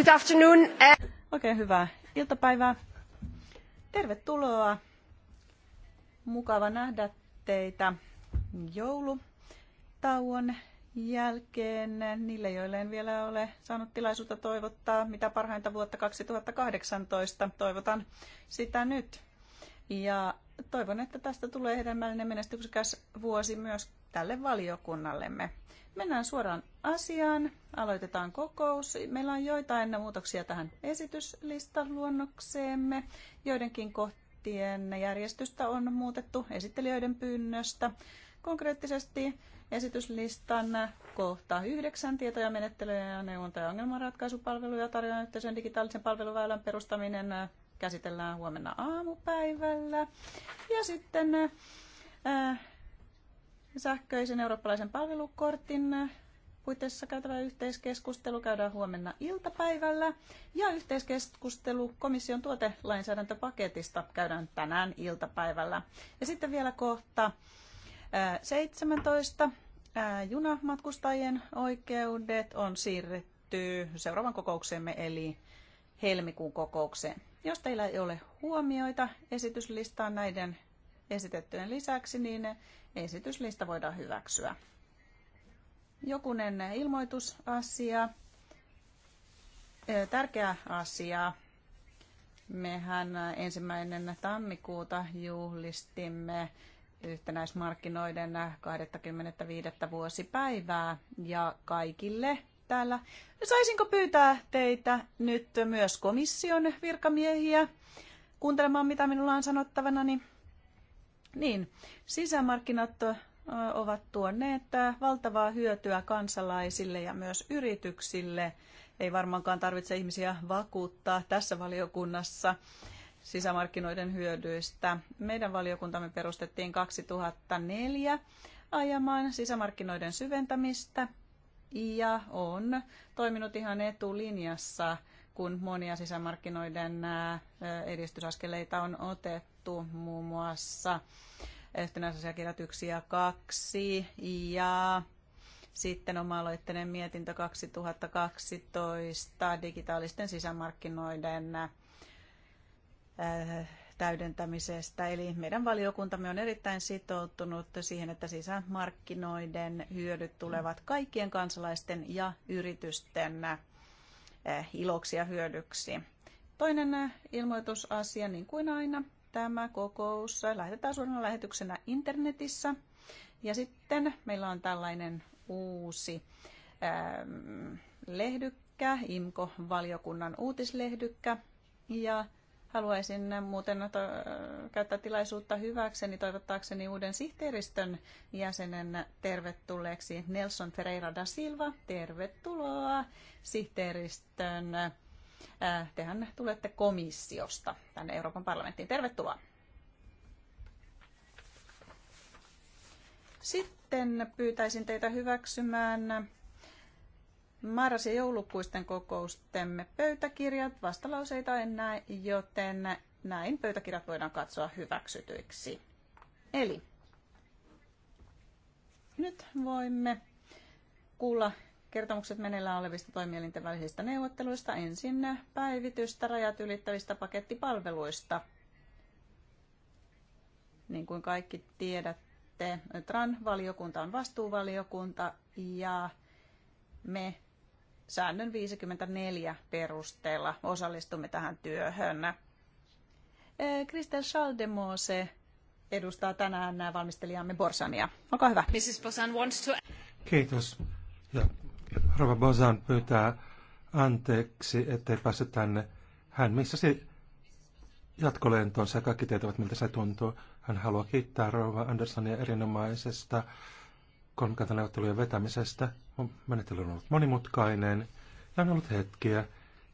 Good afternoon. Eh. Oikein hyvää iltapäivää. Tervetuloa. Mukava nähdä teitä joulutauon jälkeen. Niille, joille en vielä ole saanut tilaisuutta toivottaa mitä parhainta vuotta 2018, toivotan sitä nyt. Ja toivon, että tästä tulee hedelmällinen menestyksekäs vuosi myös tälle valiokunnallemme. Mennään suoraan asiaan, aloitetaan kokous. Meillä on joitain muutoksia tähän esityslistaluonnokseemme. Joidenkin kohtien järjestystä on muutettu esittelijöiden pyynnöstä. Konkreettisesti esityslistan kohta 9 tietoja, menettelyjä ja neuvonta- ja ongelmanratkaisupalveluja tarjoajan yhteisön digitaalisen palveluväylän perustaminen äh, käsitellään huomenna aamupäivällä. Ja sitten äh, sähköisen eurooppalaisen palvelukortin puitteissa käytävä yhteiskeskustelu käydään huomenna iltapäivällä ja yhteiskeskustelu komission tuotelainsäädäntöpaketista käydään tänään iltapäivällä. Ja sitten vielä kohta 17. Junamatkustajien oikeudet on siirretty seuraavan kokouksemme eli helmikuun kokoukseen. Jos teillä ei ole huomioita esityslistaan näiden esitettyjen lisäksi, niin esityslista voidaan hyväksyä. Jokunen ilmoitusasia. Tärkeä asia. Mehän ensimmäinen tammikuuta juhlistimme yhtenäismarkkinoiden 25. vuosipäivää ja kaikille täällä. Saisinko pyytää teitä nyt myös komission virkamiehiä kuuntelemaan, mitä minulla on sanottavana, niin niin, sisämarkkinat ovat tuoneet valtavaa hyötyä kansalaisille ja myös yrityksille. Ei varmaankaan tarvitse ihmisiä vakuuttaa tässä valiokunnassa sisämarkkinoiden hyödyistä. Meidän valiokuntamme perustettiin 2004 ajamaan sisämarkkinoiden syventämistä ja on toiminut ihan etulinjassa, kun monia sisämarkkinoiden edistysaskeleita on otettu ehdotettu muun muassa yhtenäisiä kirjoituksia kaksi ja sitten oma-aloitteinen mietintö 2012 digitaalisten sisämarkkinoiden äh, täydentämisestä. Eli meidän valiokuntamme on erittäin sitoutunut siihen, että sisämarkkinoiden hyödyt tulevat kaikkien kansalaisten ja yritysten äh, iloksi ja hyödyksi. Toinen äh, ilmoitusasia, niin kuin aina, tämä kokous lähetetään suoraan lähetyksenä internetissä. Ja sitten meillä on tällainen uusi ähm, lehdykkä, IMKO-valiokunnan uutislehdykkä. Ja haluaisin muuten äh, käyttää tilaisuutta hyväkseni toivottaakseni uuden sihteeristön jäsenen tervetulleeksi Nelson Ferreira da Silva. Tervetuloa sihteeristön Äh, tehän tulette komissiosta tänne Euroopan parlamenttiin. Tervetuloa. Sitten pyytäisin teitä hyväksymään marras- ja joulukuisten kokoustemme pöytäkirjat. Vastalauseita en näe, joten näin pöytäkirjat voidaan katsoa hyväksytyiksi. Eli nyt voimme kuulla kertomukset meneillään olevista toimielinten välisistä neuvotteluista, ensin päivitystä rajat ylittävistä pakettipalveluista. Niin kuin kaikki tiedätte, TRAN-valiokunta on vastuuvaliokunta ja me säännön 54 perusteella osallistumme tähän työhön. Eh, Kristel Schaldemose edustaa tänään valmistelijamme Borsania. Olkaa hyvä. Mrs. Borsan wants to... Kiitos. Ja Rova Bozan pyytää anteeksi, ettei päässyt tänne. Hän missasi jatkolentonsa ja kaikki tietävät, miltä se tuntuu. Hän haluaa kiittää Rova Andersonia erinomaisesta kolmikantaneuvottelujen vetämisestä. Menettely on ollut monimutkainen ja on ollut hetkiä,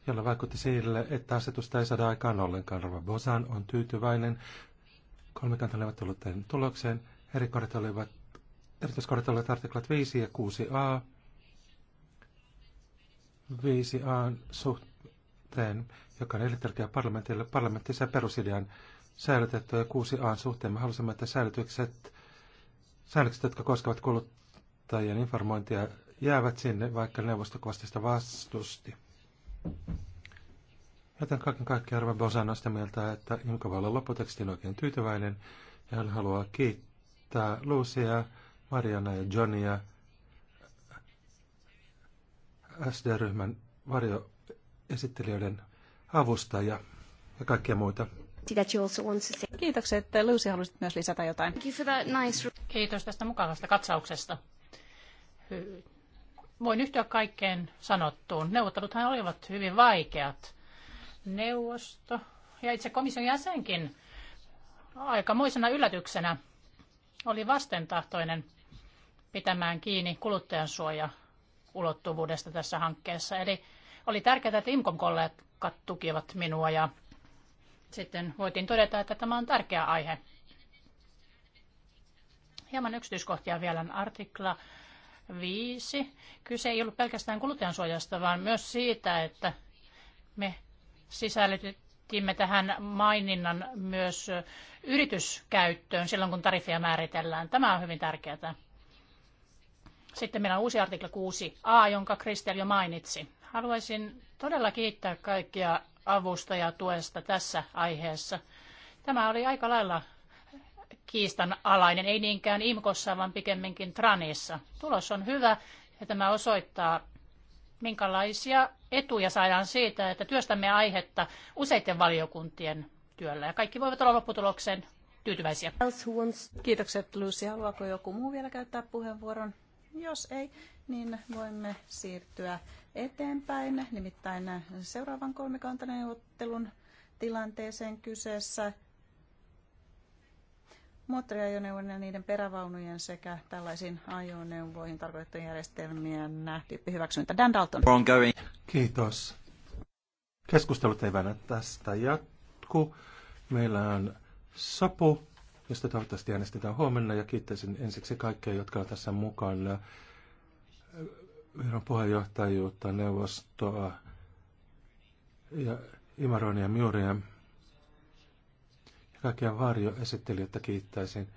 jolla vaikutti sille, että asetusta ei saada aikaan ollenkaan. Rova Bozan on tyytyväinen kolmikantaneuvottelujen tulokseen. Eri kohdat olivat, erityiskohdat olivat artiklat 5 ja 6a. 5a suhteen, joka on elintärkeä parlamentille, parlamenttissa perusidean säilytetty ja 6a suhteen. Me halusimme, että säilytykset, säännökset, jotka koskevat kuluttajien informointia, jäävät sinne, vaikka neuvosto kovasti sitä vastusti. Joten kaiken kaikkiaan Arve Bosan on sitä mieltä, että Imka voi olla lopputekstin oikein tyytyväinen ja hän haluaa kiittää Lucia, Mariana ja Johnia SD-ryhmän varjoesittelijöiden avustaja ja kaikkia muita. Kiitokset, että Lucy halusit myös lisätä jotain. Kiitos tästä mukavasta katsauksesta. Voin yhtyä kaikkeen sanottuun. Neuvotteluthan olivat hyvin vaikeat. Neuvosto ja itse komission jäsenkin aikamoisena yllätyksenä oli vastentahtoinen pitämään kiinni kuluttajansuoja ulottuvuudesta tässä hankkeessa. Eli oli tärkeää, että IMKON kollegat tukivat minua ja sitten voitiin todeta, että tämä on tärkeä aihe. Hieman yksityiskohtia vielä artikla 5. Kyse ei ollut pelkästään kuluttajansuojasta, vaan myös siitä, että me sisällytimme tähän maininnan myös yrityskäyttöön silloin, kun tarifia määritellään. Tämä on hyvin tärkeää. Sitten meillä on uusi artikla 6a, jonka Kristel jo mainitsi. Haluaisin todella kiittää kaikkia avustajatuesta tässä aiheessa. Tämä oli aika lailla kiistan alainen, ei niinkään IMKossa, vaan pikemminkin TRANissa. Tulos on hyvä ja tämä osoittaa, minkälaisia etuja saadaan siitä, että työstämme aihetta useiden valiokuntien työllä. Ja kaikki voivat olla lopputulokseen tyytyväisiä. Kiitokset Lucy. Haluaako joku muu vielä käyttää puheenvuoron? Jos ei, niin voimme siirtyä eteenpäin, nimittäin seuraavan kolmikantaneuvottelun tilanteeseen kyseessä moottoriajoneuvojen ja niiden perävaunujen sekä tällaisiin ajoneuvoihin tarkoitettujen järjestelmien tyyppihyväksyntä. Dan Dalton. Kiitos. Keskustelut eivät tästä jatku. Meillä on sapu josta toivottavasti äänestetään huomenna ja kiittäisin ensiksi kaikkia, jotka ovat tässä mukana. Viron puheenjohtajuutta, neuvostoa ja Imaronia Miuria ja kaikkia varjoesittelijöitä kiittäisin.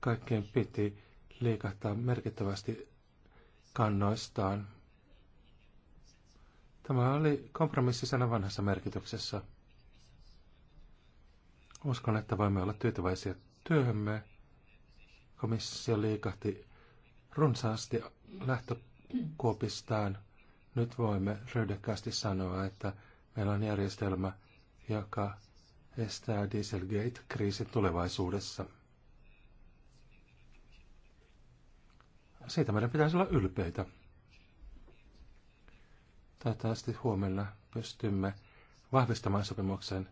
Kaikkien piti liikahtaa merkittävästi kannoistaan. Tämä oli sana vanhassa merkityksessä. Uskon, että voimme olla tyytyväisiä työhömme komissio liikahti runsaasti lähtökuopistaan. Nyt voimme röydekkäästi sanoa, että meillä on järjestelmä, joka estää Dieselgate-kriisin tulevaisuudessa. Siitä meidän pitäisi olla ylpeitä. Toivottavasti huomenna pystymme vahvistamaan sopimuksen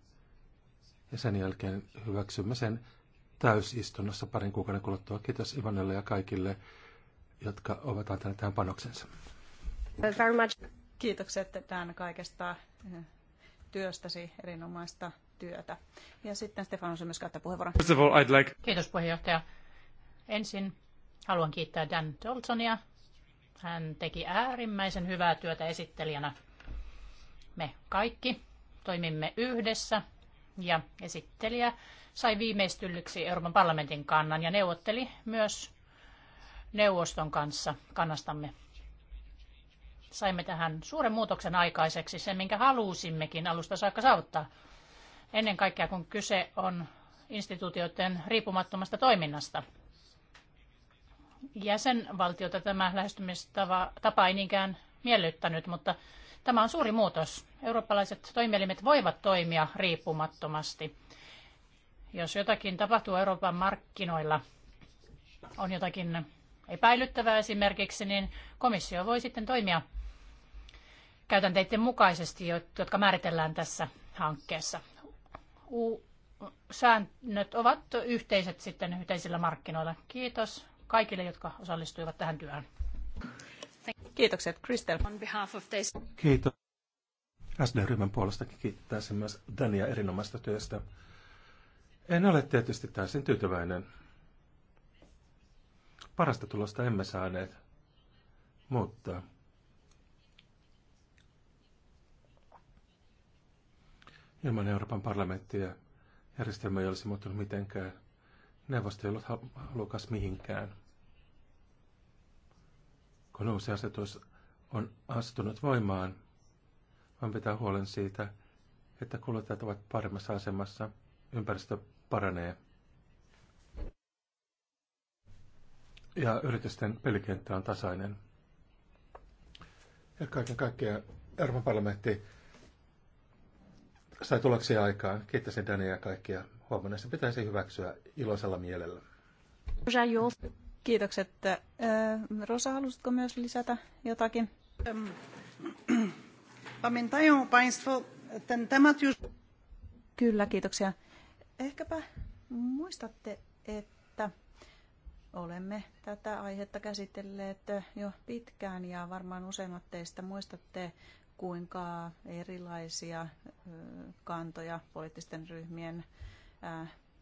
ja sen jälkeen hyväksymme sen täysistunnossa parin kuukauden kuluttua. Kiitos Ivanelle ja kaikille, jotka ovat antaneet tähän panoksensa. Kiitokset tämän kaikesta eh, työstäsi, erinomaista työtä. Ja sitten on myös käyttää puheenvuoron. First of all, I'd like... Kiitos puheenjohtaja. Ensin haluan kiittää Dan Tolsonia. Hän teki äärimmäisen hyvää työtä esittelijänä. Me kaikki toimimme yhdessä ja esittelijä sai viimeistellyksi Euroopan parlamentin kannan ja neuvotteli myös neuvoston kanssa kannastamme. Saimme tähän suuren muutoksen aikaiseksi, sen minkä halusimmekin alusta saakka saavuttaa. Ennen kaikkea kun kyse on instituutioiden riippumattomasta toiminnasta. Jäsenvaltiota tämä lähestymistapa ei niinkään miellyttänyt, mutta Tämä on suuri muutos. Eurooppalaiset toimielimet voivat toimia riippumattomasti. Jos jotakin tapahtuu Euroopan markkinoilla, on jotakin epäilyttävää esimerkiksi, niin komissio voi sitten toimia käytänteiden mukaisesti, jotka määritellään tässä hankkeessa. U- säännöt ovat yhteiset sitten yhteisillä markkinoilla. Kiitos kaikille, jotka osallistuivat tähän työhön. Kiitokset, Kristel. On behalf of this. Kiitos. SD-ryhmän puolestakin kiittäisin myös Dania erinomaista työstä. En ole tietysti täysin tyytyväinen. Parasta tulosta emme saaneet, mutta ilman Euroopan parlamenttia järjestelmä ei olisi muuttunut mitenkään. Neuvosto ei ollut halukas mihinkään kun uusi asetus on astunut voimaan, vaan pitää huolen siitä, että kuluttajat ovat paremmassa asemassa, ympäristö paranee. Ja yritysten pelikenttä on tasainen. Ja kaiken kaikkiaan Euroopan parlamentti sai tuloksia aikaan. Kiittäisin Dania ja kaikkia. Huomenna se pitäisi hyväksyä iloisella mielellä. Kiitokset. Rosa, halusitko myös lisätä jotakin? Kyllä, kiitoksia. Ehkäpä muistatte, että olemme tätä aihetta käsitelleet jo pitkään ja varmaan useimmat teistä muistatte, kuinka erilaisia kantoja poliittisten ryhmien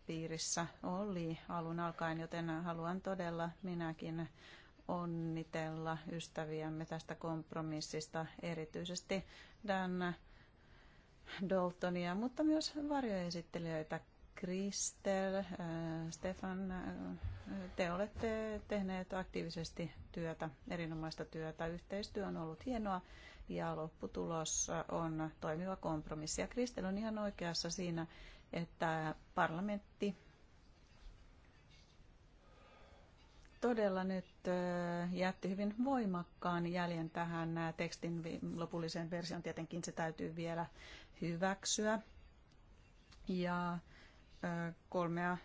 piirissä oli alun alkaen, joten haluan todella minäkin onnitella ystäviämme tästä kompromissista, erityisesti Dan Daltonia, mutta myös varjoesittelijöitä Kristel, äh, Stefan, äh, te olette tehneet aktiivisesti työtä, erinomaista työtä. Yhteistyö on ollut hienoa ja lopputulos on toimiva kompromissi. Ja Kristel on ihan oikeassa siinä, että parlamentti todella nyt äh, jätti hyvin voimakkaan jäljen tähän äh, tekstin lopulliseen versioon. Tietenkin se täytyy vielä hyväksyä. Ja äh, kolmea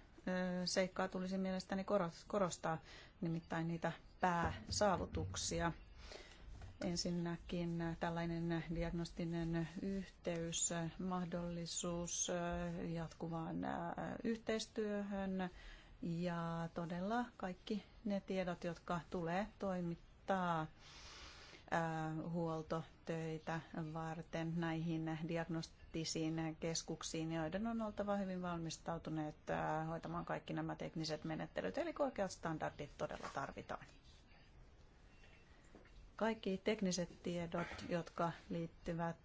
seikkaa tulisi mielestäni korostaa, nimittäin niitä pääsaavutuksia. Ensinnäkin tällainen diagnostinen yhteys, mahdollisuus äh, jatkuvaan äh, yhteistyöhön ja todella kaikki ne tiedot, jotka tulee toimittaa äh, huoltotöitä varten näihin diagnostisiin keskuksiin, joiden on oltava hyvin valmistautuneet hoitamaan kaikki nämä tekniset menettelyt, eli oikeat standardit todella tarvitaan. Kaikki tekniset tiedot, jotka liittyvät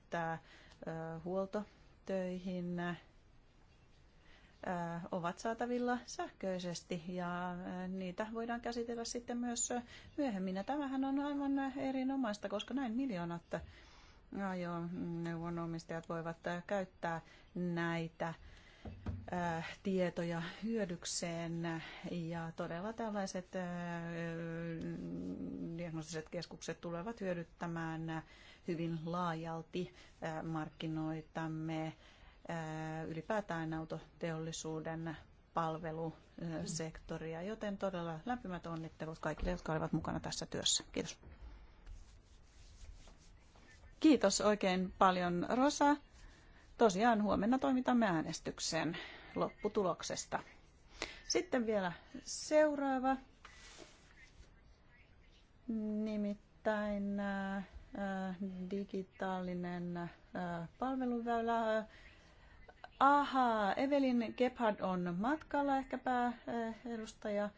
huoltotöihin, ovat saatavilla sähköisesti ja niitä voidaan käsitellä sitten myös myöhemmin. Ja tämähän on aivan erinomaista, koska näin miljoonat ajoneuvonomistajat voivat käyttää näitä Äh, tietoja hyödykseen ja todella tällaiset äh, diagnostiset keskukset tulevat hyödyttämään hyvin laajalti äh, markkinoitamme ylipäätään autoteollisuuden palvelusektoria, joten todella lämpimät onnittelut kaikille, jotka olivat mukana tässä työssä. Kiitos. Kiitos oikein paljon Rosa tosiaan huomenna toimitamme äänestyksen lopputuloksesta. Sitten vielä seuraava. Nimittäin äh, digitaalinen äh, palveluväylä. Äh, Ahaa, Evelin Gebhard on matkalla, ehkä pääedustaja.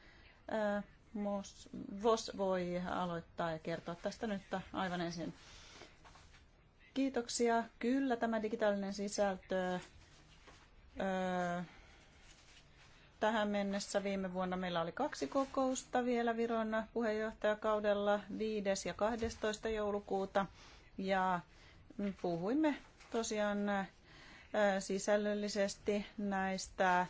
Vos voi aloittaa ja kertoa tästä nyt aivan ensin Kiitoksia. Kyllä tämä digitaalinen sisältö öö, tähän mennessä viime vuonna meillä oli kaksi kokousta vielä Viron puheenjohtajakaudella 5. ja 12. joulukuuta. Ja puhuimme tosiaan sisällöllisesti näistä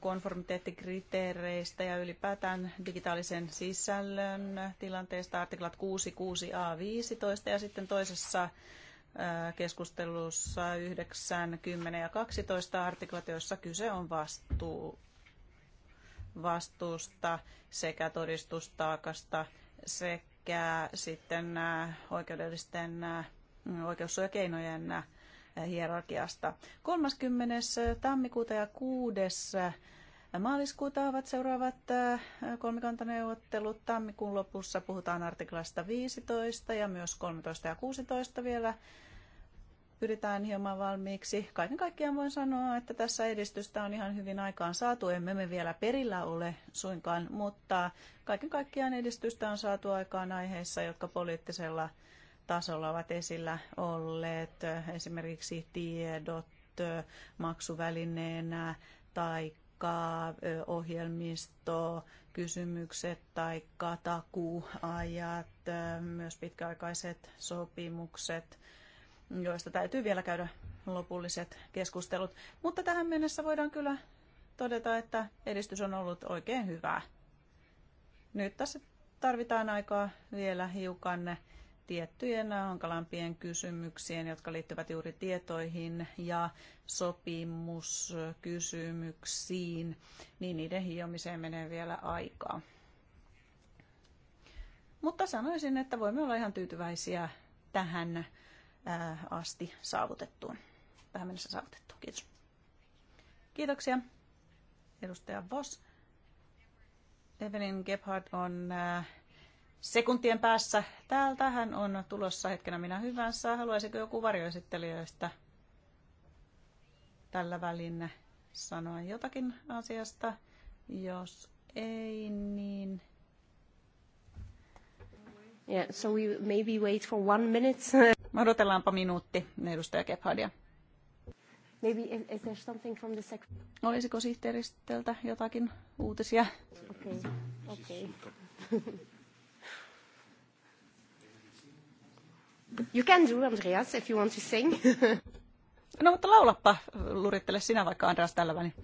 konformiteettikriteereistä ja ylipäätään digitaalisen sisällön tilanteesta artiklat 6, 6a, 15 ja sitten toisessa keskustelussa 9, 10 ja 12 artiklat, joissa kyse on vastuu, vastuusta sekä todistustaakasta sekä sitten oikeudellisten oikeussuojakeinojen keinojen hierarkiasta. 30. tammikuuta ja 6. Maaliskuuta ovat seuraavat äh, kolmikantaneuvottelut. Tammikuun lopussa puhutaan artiklasta 15 ja myös 13 ja 16 vielä pyritään hieman valmiiksi. Kaiken kaikkiaan voin sanoa, että tässä edistystä on ihan hyvin aikaan saatu. Emme me vielä perillä ole suinkaan, mutta kaiken kaikkiaan edistystä on saatu aikaan aiheissa, jotka poliittisella tasolla ovat esillä olleet esimerkiksi tiedot maksuvälineenä tai ohjelmisto, kysymykset tai takuajat, myös pitkäaikaiset sopimukset, joista täytyy vielä käydä lopulliset keskustelut. Mutta tähän mennessä voidaan kyllä todeta, että edistys on ollut oikein hyvää. Nyt tässä tarvitaan aikaa vielä hiukan tiettyjen hankalampien kysymyksien, jotka liittyvät juuri tietoihin ja sopimuskysymyksiin, niin niiden hiomiseen menee vielä aikaa. Mutta sanoisin, että voimme olla ihan tyytyväisiä tähän äh, asti saavutettuun, tähän mennessä saavutettuun. Kiitos. Kiitoksia, edustaja Voss. Evelyn Gebhardt on äh, sekuntien päässä. Täältähän on tulossa hetkenä minä hyvänsä. Haluaisiko joku varjoesittelijöistä tällä välin sanoa jotakin asiasta? Jos ei, niin... Yeah, so we maybe wait for one minute. Odotellaanpa minuutti, edustaja Gebhardia. Maybe is there something from the sec- Olisiko sihteeristöltä jotakin uutisia? Okay, okay. Siis- siis- You can do, Andreas, if you want to sing. no, mutta laulappa, lurittele sinä vaikka Andreas tällä väliin.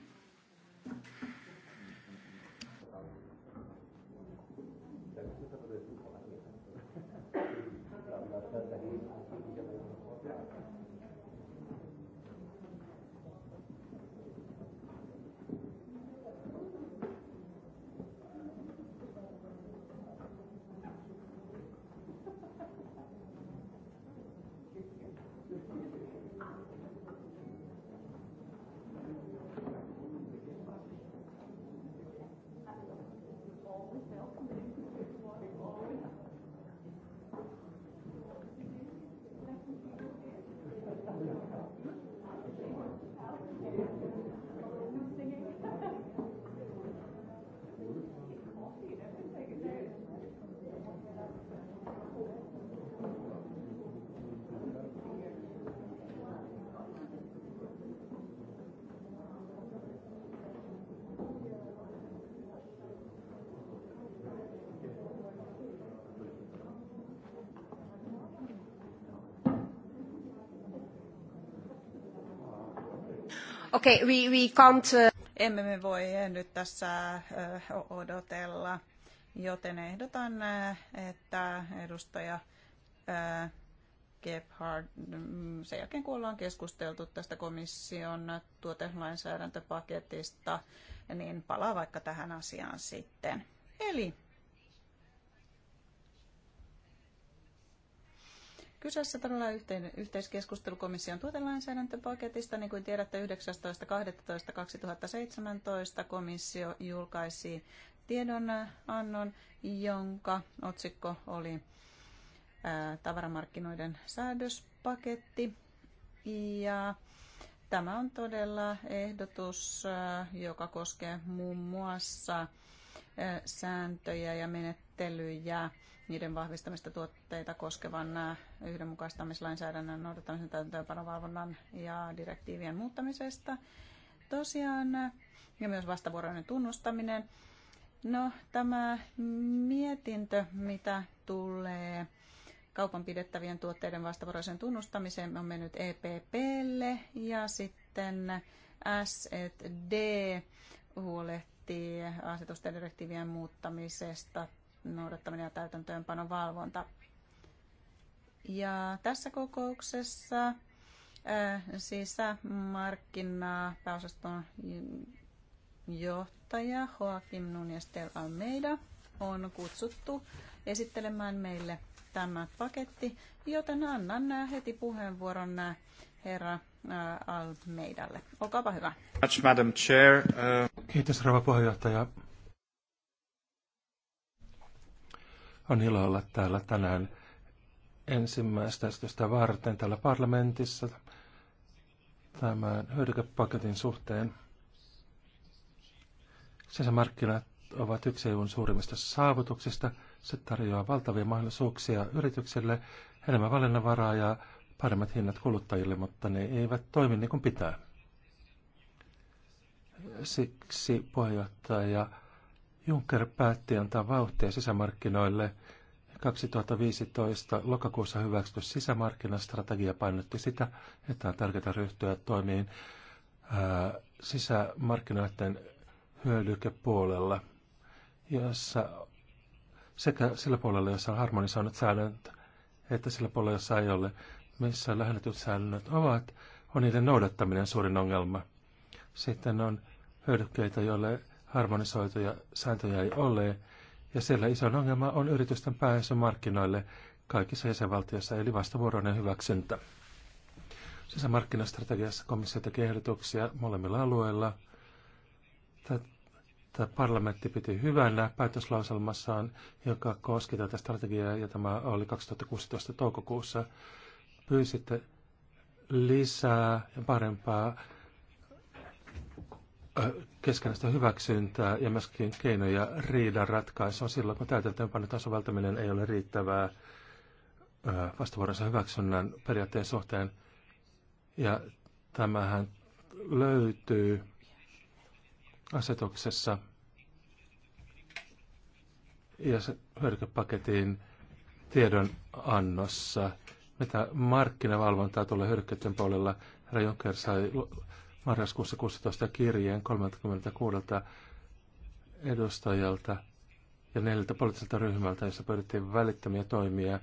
Okay, we, we can't... Uh, Emme me voi nyt tässä odotella, joten ehdotan, että edustaja Gebhard, mm, sen jälkeen kun ollaan keskusteltu tästä komission tuotelainsäädäntöpaketista, niin palaa vaikka tähän asiaan sitten. Eli Kyseessä todella yhteinen, yhteiskeskustelu tuotelainsäädäntöpaketista. Niin kuin tiedätte, 19.12.2017 komissio julkaisi tiedonannon, jonka otsikko oli ää, tavaramarkkinoiden säädöspaketti. Ja tämä on todella ehdotus, joka koskee muun muassa sääntöjä ja menettelyjä niiden vahvistamista tuotteita koskevan yhdenmukaistamislainsäädännön noudattamisen täytäntöönpanovalvonnan ja direktiivien muuttamisesta. Tosiaan, ja myös vastavuoroinen tunnustaminen. No, tämä mietintö, mitä tulee kaupan pidettävien tuotteiden vastavuoroisen tunnustamiseen, on mennyt EPPlle ja sitten SD huolehtii asetusten direktiivien muuttamisesta noudattaminen ja täytäntöönpanon valvonta. Ja tässä kokouksessa äh, sisämarkkinaa pääosaston johtaja Joakim Nunes del Almeida on kutsuttu esittelemään meille tämä paketti, joten annan heti puheenvuoron äh, herra äh, Almeidalle. Olkaapa hyvä. Madam Chair. Kiitos rouva puheenjohtaja. On ilo olla täällä tänään ensimmäistä esitystä varten täällä parlamentissa tämän hyödykepaketin suhteen. Sisämarkkinat ovat yksi EUn suurimmista saavutuksista. Se tarjoaa valtavia mahdollisuuksia yrityksille, enemmän valinnanvaraa ja paremmat hinnat kuluttajille, mutta ne eivät toimi niin kuin pitää. Siksi puheenjohtaja Juncker päätti antaa vauhtia sisämarkkinoille. 2015 lokakuussa hyväksytty sisämarkkinastrategia painotti sitä, että on tärkeää ryhtyä toimiin ää, sisämarkkinoiden hyödykepuolella, jossa sekä sillä puolella, jossa on harmonisoinnut säännöt, että sillä puolella, jossa ei ole, missä lähennetyt säännöt ovat, on niiden noudattaminen suurin ongelma. Sitten on hyödykkeitä, joille harmonisoituja sääntöjä ei ole, ja siellä isoin ongelma on yritysten pääsy markkinoille kaikissa jäsenvaltioissa, eli vastavuoroinen hyväksyntä. Sisämarkkinastrategiassa komissio teki ehdotuksia molemmilla alueilla. Tämä parlamentti piti hyvänä päätöslauselmassaan, joka koski tätä strategiaa, ja tämä oli 2016 toukokuussa. Pyysitte lisää ja parempaa Äh, keskenäistä hyväksyntää ja myöskin keinoja riidan ratkaisua silloin, kun täytäntöönpanon välttäminen ei ole riittävää äh, vastavuoroisen hyväksynnän periaatteen suhteen. Ja tämähän löytyy asetuksessa ja se hyödykepaketin tiedon annossa. Mitä markkinavalvontaa tulee hyödykkeiden puolella, herra Juncker sai marraskuussa 16 kirjeen 36 edustajalta ja neljältä poliittiselta ryhmältä, jossa pyydettiin välittömiä toimia,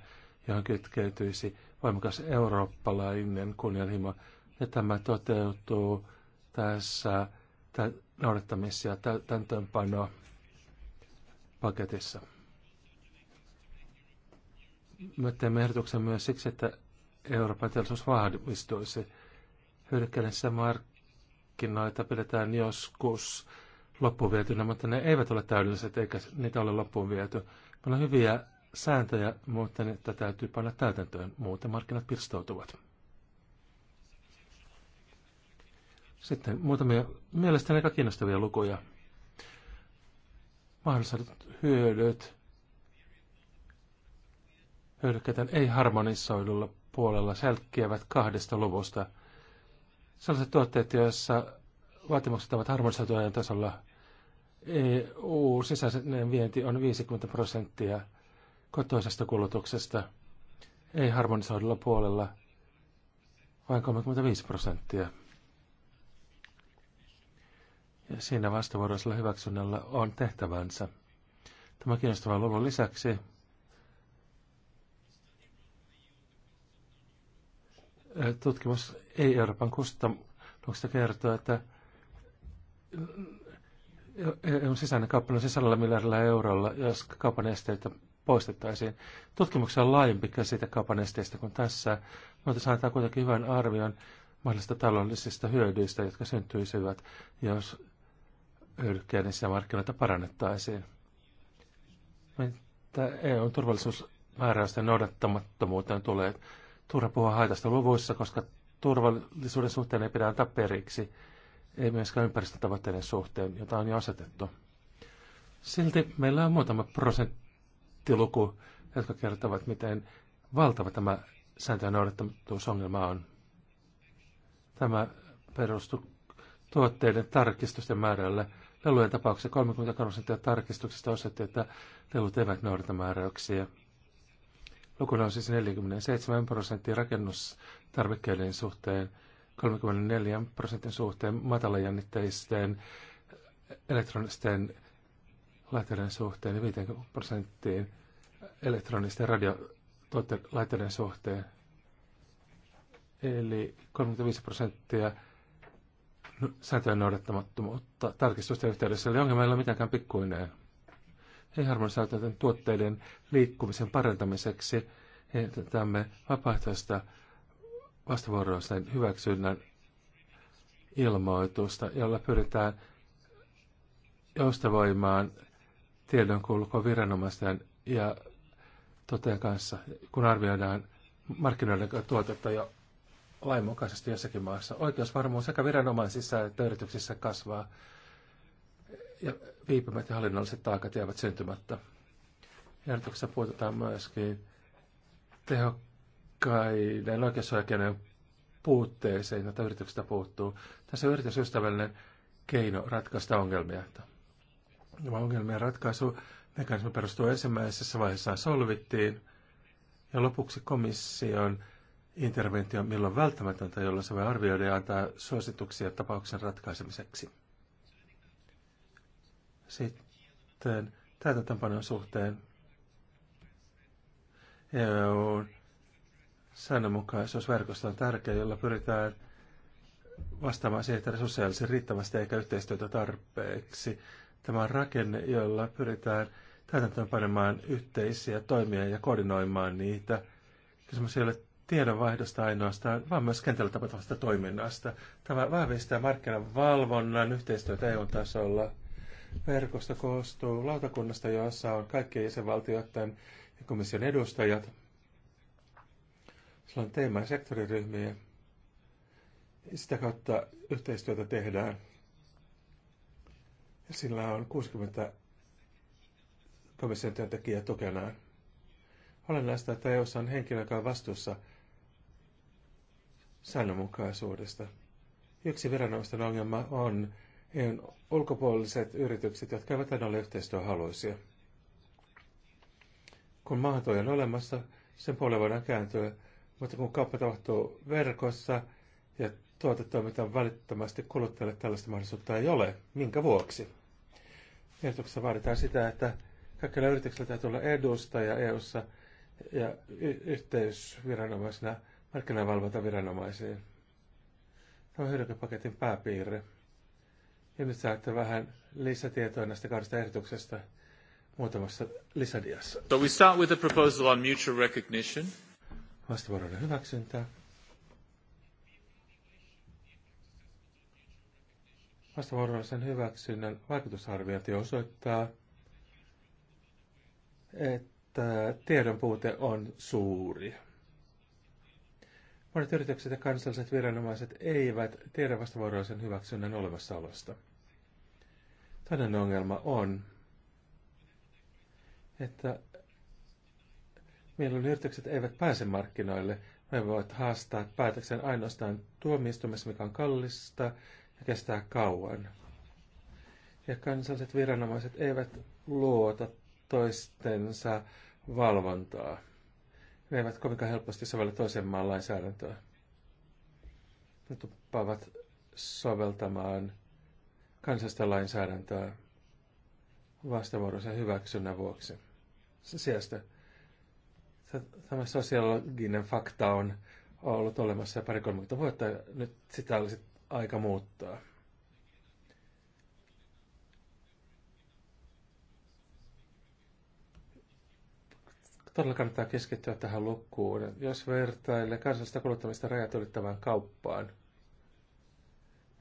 johon kytkeytyisi voimakas eurooppalainen kunnianhimo. Ja tämä toteutuu tässä noudattamis- ja täntöönpano paketissa. Me teemme ehdotuksen myös siksi, että Euroopan teollisuus vahvistuisi hyödykkeellisissä mark- markkinoita pidetään joskus loppuun vietynä, mutta ne eivät ole täydelliset eikä niitä ole loppuun viety. Meillä on hyviä sääntöjä, mutta niitä täytyy panna täytäntöön, muuten markkinat pirstoutuvat. Sitten muutamia mielestäni aika kiinnostavia lukuja. Mahdolliset hyödyt Hyödykkeet ei-harmonisoidulla puolella selkkiävät kahdesta luvusta – sellaiset tuotteet, joissa vaatimukset ovat harmonisoituneen tasolla. EU-sisäinen vienti on 50 prosenttia kotoisesta kulutuksesta, ei harmonisoidulla puolella vain 35 prosenttia. Ja siinä vastavuoroisella hyväksynnällä on tehtävänsä. Tämä kiinnostava luvun lisäksi tutkimus ei-Euroopan kustannuksista kertoo, että EUn sisäinen kauppa on sisällä miljardilla eurolla, jos kaupan esteitä poistettaisiin. Tutkimuksessa on laajempi käsite kaupan esteistä kuin tässä, mutta se antaa kuitenkin hyvän arvion mahdollisista taloudellisista hyödyistä, jotka syntyisivät, jos hyödykkeiden sisämarkkinoita parannettaisiin. Mitä EUn turvallisuusmääräysten noudattamattomuuteen tulee, turha puhua haitasta luvuissa, koska turvallisuuden suhteen ei pidä antaa periksi, ei myöskään ympäristötavoitteiden suhteen, jota on jo asetettu. Silti meillä on muutama prosenttiluku, jotka kertovat, miten valtava tämä sääntöjen noudattamattomuusongelma on. Tämä perustuu tuotteiden tarkistusten määrälle. Lelujen tapauksessa 30 prosenttia tarkistuksista osoitti, että lelut eivät noudata määräyksiä. Lukuna on siis 47 prosenttia rakennustarvikkeiden suhteen, 34 prosentin suhteen matalajännitteisten elektronisten laitteiden suhteen ja 5 prosenttiin elektronisten radiolaitteiden suhteen. Eli 35 prosenttia sääntöjen noudattamattomuutta tarkistusten yhteydessä. Eli onko meillä mitenkään pikkuinen ei-harmonisaatioiden tuotteiden liikkumisen parantamiseksi tämme vapaaehtoista vastavuoroisen hyväksynnän ilmoitusta, jolla pyritään joustavoimaan tiedonkulkua viranomaisten ja toteen kanssa, kun arvioidaan markkinoiden tuotetta jo lainmukaisesti jossakin maassa. Oikeusvarmuus sekä viranomaisissa että yrityksissä kasvaa. Ja viipymät ja hallinnolliset taakat jäävät syntymättä. Ehdotuksessa puututaan myöskin tehokkaiden oikeusoikeuden puutteeseen, että yrityksestä puuttuu. Tässä on yritysystävällinen keino ratkaista ongelmia. Tämä ongelmien ratkaisu mekanismi perustuu ensimmäisessä vaiheessa solvittiin ja lopuksi komission interventio, milloin välttämätöntä, jolloin se voi arvioida ja antaa suosituksia tapauksen ratkaisemiseksi. Sitten täytäntöpanon suhteen EUn säännönmukaisuusverkosto on tärkeä, jolla pyritään vastaamaan siihen, että resursseja olisi riittävästi eikä yhteistyötä tarpeeksi. Tämä on rakenne, jolla pyritään täytäntöönpanemaan yhteisiä toimia ja koordinoimaan niitä. Kysymys ei ole tiedonvaihdosta ainoastaan, vaan myös kentällä tapahtuvasta toiminnasta. Tämä vahvistaa markkinavalvonnan yhteistyötä EU-tasolla Verkosto koostuu lautakunnasta, jossa on kaikkien jäsenvaltioiden ja komission edustajat. Sillä on teema- ja sektoriryhmiä. Sitä kautta yhteistyötä tehdään. Sillä on 60 komission työntekijää tukenaan. Olennaista, että EU on henkilö, joka on vastuussa säännönmukaisuudesta. Yksi viranomaisten ongelma on EUn ulkopuoliset yritykset, jotka eivät aina ole yhteistyöhaluisia. Kun maahantuoja on olemassa, sen puoleen voidaan kääntyä, mutta kun kauppa tapahtuu verkossa ja tuotetoiminta välittömästi kuluttajalle tällaista mahdollisuutta ei ole, minkä vuoksi? Ehdotuksessa vaaditaan sitä, että kaikilla yrityksillä täytyy olla edustaja EU-ssa ja y- yhteysviranomaisena markkinavalvontaviranomaisiin. Tämä on hyödykepaketin pääpiirre. Ja nyt saatte vähän lisätietoa näistä kahdesta ehdotuksesta muutamassa lisädiassa. So we start with a proposal on mutual recognition. Vastavuoroinen hyväksyntä. Vastavuoroisen hyväksynnän vaikutusarviointi osoittaa, että tiedon puute on suuri. Monet yritykset ja kansalliset viranomaiset eivät tiedä vastavuoroisen hyväksynnän olemassaolosta. Toinen ongelma on, että milloin yritykset eivät pääse markkinoille, me voivat haastaa päätöksen ainoastaan tuomioistuimessa, mikä on kallista ja kestää kauan. Ja kansalliset viranomaiset eivät luota toistensa valvontaa. Ne eivät kovinkaan helposti sovellu toisen maan lainsäädäntöä. Ne tuppaavat soveltamaan kansasta lainsäädäntöä vastavuoroisen hyväksynnän vuoksi. Se sijasta tämä sosiologinen fakta on ollut olemassa pari kolme vuotta ja nyt sitä olisi aika muuttaa. Todella kannattaa keskittyä tähän lukuun. Jos vertailee kansallista kuluttamista rajat ylittävään kauppaan,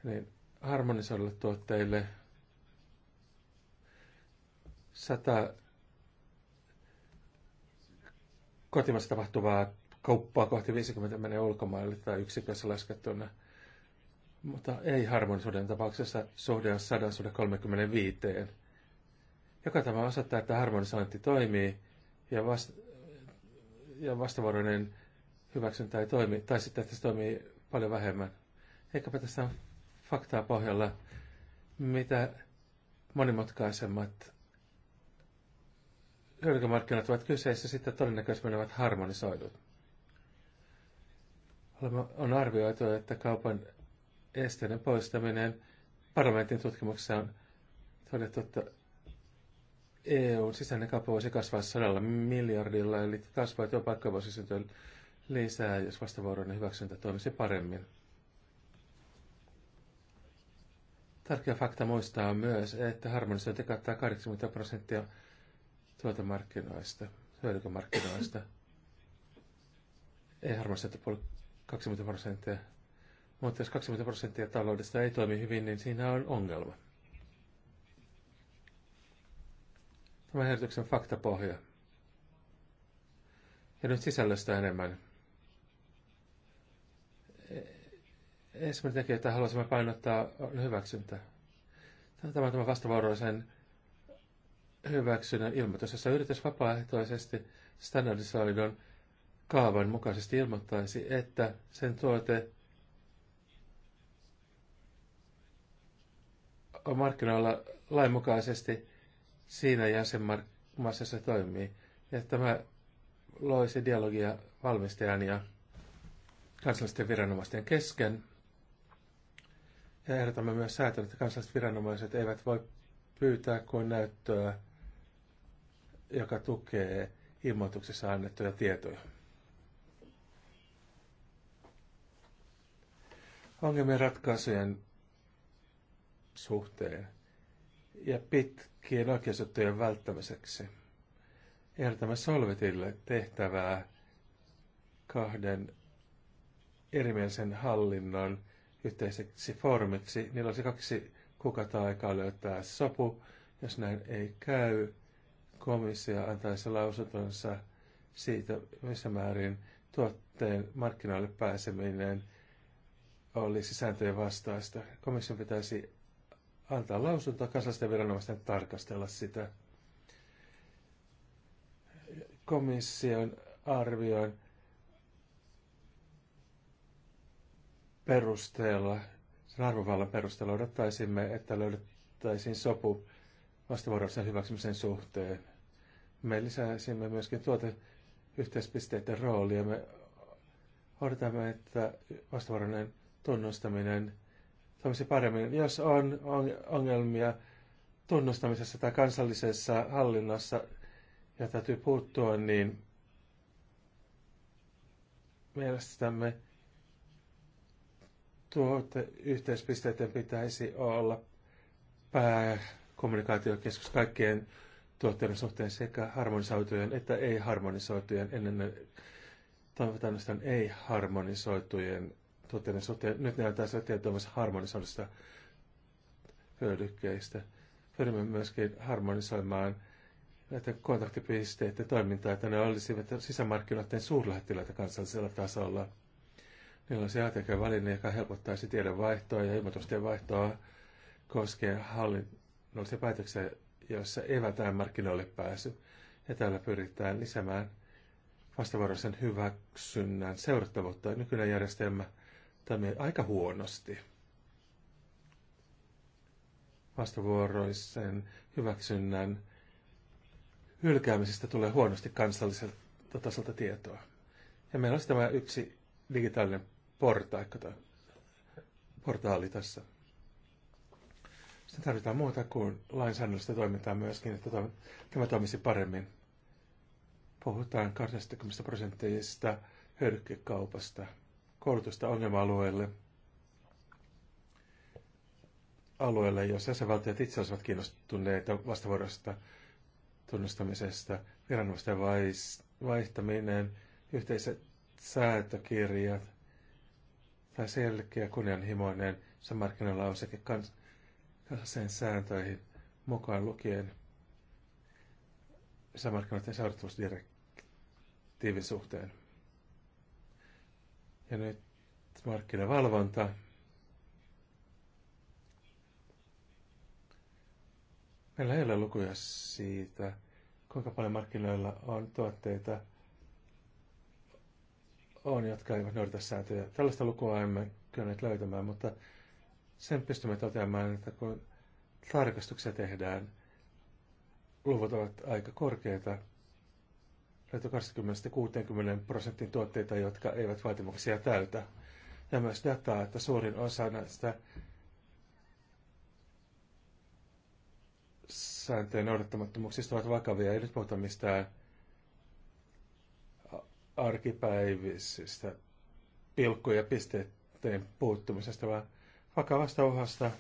niin harmonisoidulle tuotteille 100 kotimassa tapahtuvaa kauppaa kohti 50 menee ulkomaille tai yksikössä laskettuna. Mutta ei harmonisuuden tapauksessa suhde on 100 suhde 35. Joka tämä osoittaa, että harmonisointi toimii ja vasta- ja vastavuoroinen hyväksyntä ei toimi, tai sitten että se toimii paljon vähemmän. Ehkäpä tässä on faktaa pohjalla, mitä monimutkaisemmat hyödykemarkkinat ovat kyseessä, sitten todennäköisesti menevät harmonisoidut. On arvioitu, että kaupan esteiden poistaminen parlamentin tutkimuksessa on todettu, että EUn sisäinen kauppa voisi kasvaa sadalla miljardilla, eli kasvaa ja työpaikka voisi syntyä lisää, jos vastavuoroinen hyväksyntä toimisi paremmin. Tärkeä fakta muistaa myös, että harmonisointi kattaa 80 prosenttia tuotamarkkinoista, hyödykemarkkinoista. ei harmonisointi puoli 20 prosenttia. Mutta jos 20 prosenttia taloudesta ei toimi hyvin, niin siinä on ongelma. Tämän ehdotuksen faktapohja. Ja nyt sisällöstä enemmän. E- ensimmäinen tekijä, jota haluaisimme painottaa, on hyväksyntä. Tämä on tämä vastavuoroisen hyväksynnän ilmoitus, jossa yritys vapaaehtoisesti standardisoidun kaavan mukaisesti ilmoittaisi, että sen tuote on markkinoilla lainmukaisesti siinä jäsenmaassa se toimii. Ja tämä loisin dialogia valmistajan ja kansallisten viranomaisten kesken. Ja ehdotamme myös säätön, että kansalliset viranomaiset eivät voi pyytää kuin näyttöä, joka tukee ilmoituksessa annettuja tietoja. Ongelmien ratkaisujen suhteen ja pit, kaikkien oikeusjuttujen välttämiseksi. Ehdotamme Solvetille tehtävää kahden erimielisen hallinnon yhteiseksi foorumiksi. Niillä olisi kaksi kukata aikaa löytää sopu. Jos näin ei käy, komissio antaisi lausuntonsa siitä, missä määrin tuotteen markkinoille pääseminen olisi sääntöjen vastaista. Komission pitäisi antaa lausuntoa kansallisten viranomaisten tarkastella sitä. Komission arvioin perusteella, sen arvovallan perusteella odottaisimme, että löydettäisiin sopu vastavuoroisen hyväksymisen suhteen. Me lisäisimme myöskin tuoteyhteispisteiden roolia. Me odotamme, että vastavuoroinen tunnustaminen – toimisi paremmin. Jos on ongelmia tunnustamisessa tai kansallisessa hallinnassa, ja täytyy puuttua, niin mielestämme tuote yhteispisteiden pitäisi olla pääkommunikaatiokeskus kaikkien tuotteiden suhteen sekä harmonisoitujen että ei-harmonisoitujen ennen toivotaan ei-harmonisoitujen tuotteiden sote Nyt näytetään tietoamassa harmonisoidusta hyödykkeistä. Pyrimme myöskin harmonisoimaan näitä kontaktipisteiden toimintaa, että ne olisivat sisämarkkinoiden suurlähettiläitä kansallisella tasolla. Niillä on se väline, joka helpottaisi tiedonvaihtoa ja ilmoitusten vaihtoa koskien hallinnollisia päätöksiä, joissa evätään markkinoille pääsy. Ja tällä pyritään lisäämään vastavuoroisen hyväksynnän seurattavuutta. Nykyinen järjestelmä – tämä aika huonosti vastavuoroisen hyväksynnän hylkäämisestä tulee huonosti kansalliselta tasolta tietoa. Ja meillä olisi tämä yksi digitaalinen portaikko portaali tässä. Sitten tarvitaan muuta kuin lainsäädännöllistä toimintaa myöskin, että tämä toimisi paremmin. Puhutaan 20 prosenttista hyödykekaupasta – koulutusta ongelma-alueelle, alueelle, jos jäsenvaltiot itse olisivat kiinnostuneita vastavuoroisesta tunnustamisesta, viranomaisten vaihtaminen, yhteiset säätökirjat tai selkeä kunnianhimoinen sekä kans- kansalliseen sääntöihin mukaan lukien samarkkinoiden seurattavuusdirektiivin suhteen. Ja nyt markkinavalvonta. Meillä ei ole lukuja siitä, kuinka paljon markkinoilla on tuotteita, on, jotka eivät noudata sääntöjä. Tällaista lukua emme kyenneet löytämään, mutta sen pystymme toteamaan, että kun tarkastuksia tehdään, luvut ovat aika korkeita löytyy 20-60 prosentin tuotteita, jotka eivät vaatimuksia täytä. Ja myös dataa, että suurin osa näistä sääntöjen noudattamattomuuksista ovat vakavia. Ei nyt puhuta mistään arkipäivisistä pilkkuja pisteiden puuttumisesta, vaan vakavasta uhasta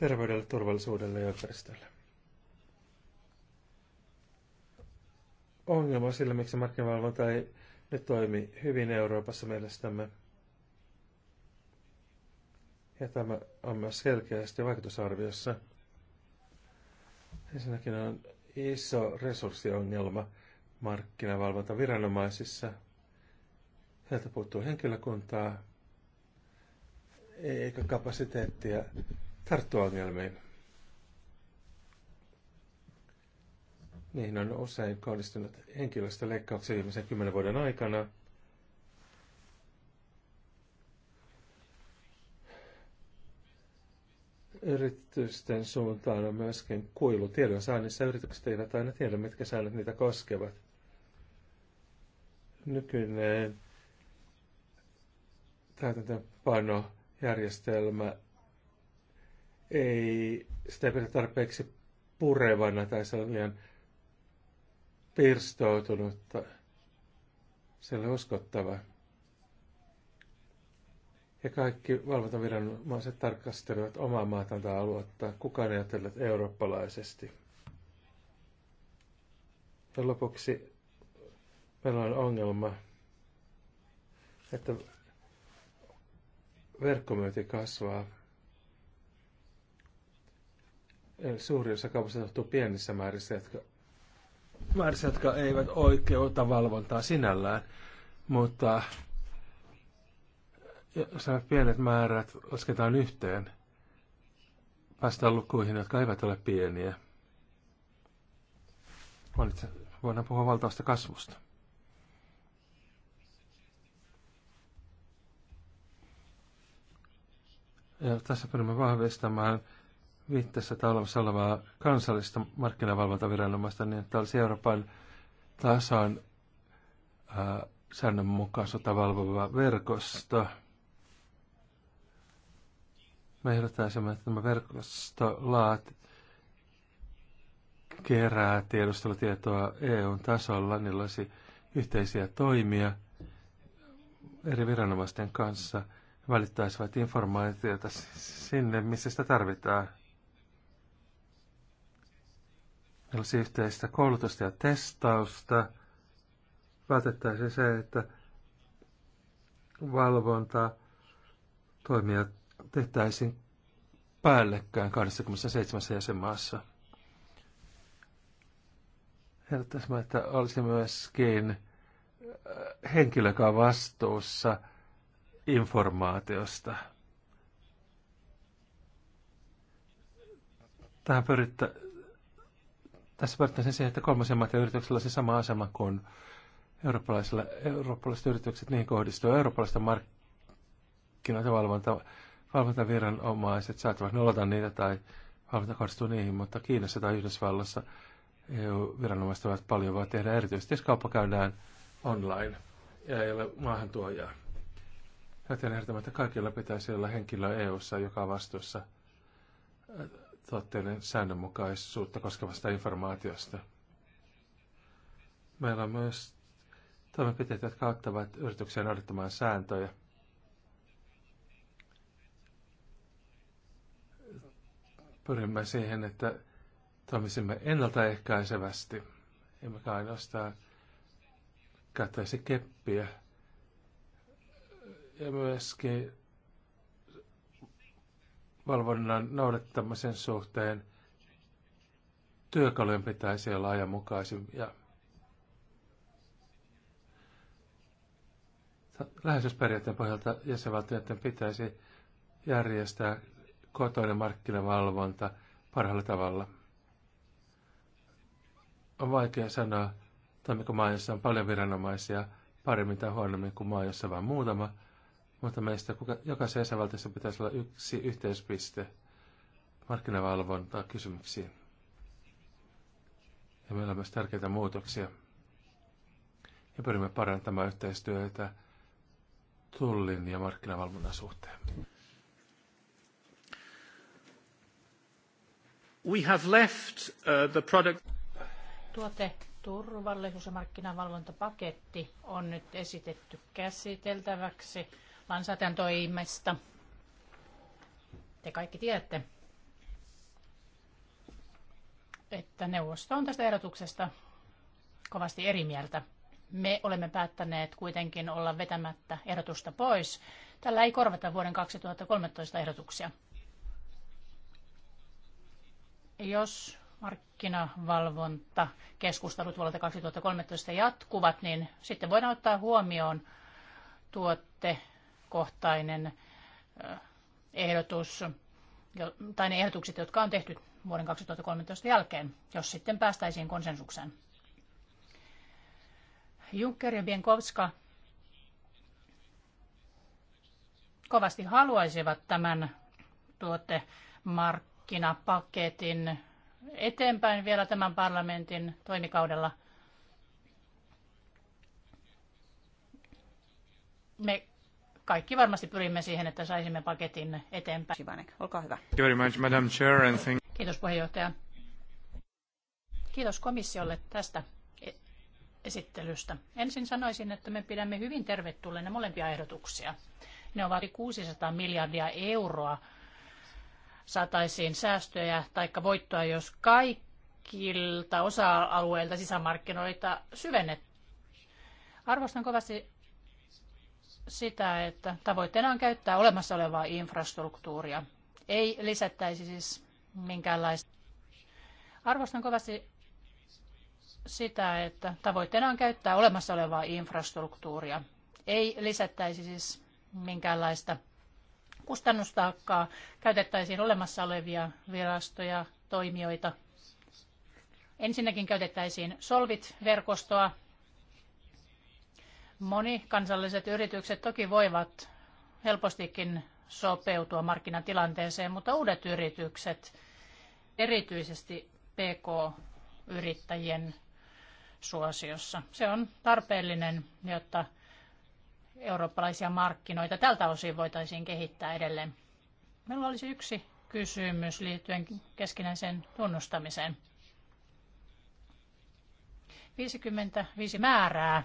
terveydelle, turvallisuudelle ja ympäristölle. ongelma sillä, miksi markkinavalvonta ei nyt toimi hyvin Euroopassa mielestämme. Ja tämä on myös selkeästi vaikutusarviossa. Ensinnäkin on iso resurssiongelma markkinavalvontaviranomaisissa. Heiltä puuttuu henkilökuntaa eikä kapasiteettia tarttua ongelmiin. Niihin on usein kohdistunut henkilöstöleikkauksia viimeisen kymmenen vuoden aikana. Yritysten suuntaan on myöskin kuilu tiedonsaannissa. Yritykset eivät aina tiedä, mitkä säännöt niitä koskevat. Nykyinen täytäntöpanojärjestelmä ei sitä pidä tarpeeksi purevana tai se on liian pirstoutunutta, se oli uskottava. Ja kaikki valvontaviranomaiset tarkastelivat omaa maatantaa aluetta, kukaan ei ajatellut eurooppalaisesti. Ja lopuksi meillä on ongelma, että verkkomyynti kasvaa. Eli suuri osa kaupasta tapahtuu pienissä määrissä, jotka määrässä, jotka eivät oikeuta valvontaa sinällään, mutta jos pienet määrät lasketaan yhteen, päästään lukuihin, jotka eivät ole pieniä. voidaan puhua valtavasta kasvusta. Ja tässä pyrimme vahvistamaan viittassa talvassa olevaa kansallista markkinavalvontaviranomaista, niin että olisi Euroopan tasan säännönmukaisuutta valvova verkosto. Me ehdottaisimme, että tämä verkosto laat kerää tiedustelutietoa EUn tasolla, niin olisi yhteisiä toimia eri viranomaisten kanssa, välittäisivät informaatiota sinne, missä sitä tarvitaan. Meillä olisi yhteistä koulutusta ja testausta. Vältettäisiin se, että valvonta toimia tehtäisiin päällekkäin 27 jäsenmaassa. Ehdottaisimme, että olisi myöskin äh, henkilö, joka on vastuussa informaatiosta. Tähän pyrittä, tässä vertaisin siihen, että kolmasen maiden yrityksellä on se sama asema kuin eurooppalaisilla, eurooppalaiset yritykset, niihin kohdistuu eurooppalaista markkinoita valvonta, valvontaviranomaiset saattavat nollata niitä tai valvonta kohdistuu niihin, mutta Kiinassa tai Yhdysvallassa EU-viranomaiset ovat paljon voi tehdä erityisesti, jos kauppa käydään online ja ei ole maahantuojaa. Joten ehdottomasti kaikilla pitäisi olla henkilö EU-ssa, joka on vastuussa tuotteiden säännönmukaisuutta koskevasta informaatiosta. Meillä on myös toimenpiteitä, jotka auttavat yrityksiä noudattamaan sääntöjä. Pyrimme siihen, että toimisimme ennaltaehkäisevästi, emmekä ainoastaan käyttäisi keppiä. Ja myöskin valvonnan noudattamisen suhteen työkalujen pitäisi olla ajanmukaisia. Läheisyysperiaatteen pohjalta jäsenvaltioiden pitäisi järjestää kotoinen markkinavalvonta parhaalla tavalla. On vaikea sanoa, toimiko maa, jossa on paljon viranomaisia, paremmin tai huonommin kuin maa, jossa vain muutama – mutta meistä kuka, jokaisen jäsenvaltiossa pitäisi olla yksi yhteispiste markkinavalvontaa kysymyksiin. Ja meillä on myös tärkeitä muutoksia. Ja pyrimme parantamaan yhteistyötä tullin ja markkinavalvonnan suhteen. We have left uh, the product... Tuote turvallisuus- ja markkinavalvontapaketti on nyt esitetty käsiteltäväksi lainsäädäntöimesta. Te kaikki tiedätte, että neuvosto on tästä ehdotuksesta kovasti eri mieltä. Me olemme päättäneet kuitenkin olla vetämättä ehdotusta pois. Tällä ei korvata vuoden 2013 ehdotuksia. Jos markkinavalvonta keskustelut vuodelta 2013 jatkuvat, niin sitten voidaan ottaa huomioon tuotte yksityiskohtainen ehdotus, tai ne ehdotukset, jotka on tehty vuoden 2013 jälkeen, jos sitten päästäisiin konsensukseen. Juncker ja Bienkowska kovasti haluaisivat tämän tuotemarkkinapaketin eteenpäin vielä tämän parlamentin toimikaudella. Me kaikki varmasti pyrimme siihen, että saisimme paketin eteenpäin. Sivanek, olkaa hyvä. Kiitos puheenjohtaja. Kiitos komissiolle tästä e- esittelystä. Ensin sanoisin, että me pidämme hyvin tervetulleena molempia ehdotuksia. Ne ovat 600 miljardia euroa saataisiin säästöjä tai voittoa, jos kaikilta osa-alueilta sisämarkkinoita syvennet. Arvostan kovasti sitä, että tavoitteena on käyttää olemassa olevaa infrastruktuuria. Ei lisättäisi siis minkäänlaista. Arvostan kovasti sitä, että tavoitteena on käyttää olemassa olevaa infrastruktuuria. Ei lisättäisi siis minkäänlaista kustannustaakkaa, käytettäisiin olemassa olevia virastoja, toimijoita. Ensinnäkin käytettäisiin Solvit-verkostoa Monikansalliset yritykset toki voivat helpostikin sopeutua markkinatilanteeseen, mutta uudet yritykset, erityisesti PK-yrittäjien suosiossa. Se on tarpeellinen, jotta eurooppalaisia markkinoita tältä osin voitaisiin kehittää edelleen. Meillä olisi yksi kysymys liittyen keskinäiseen tunnustamiseen. 55 määrää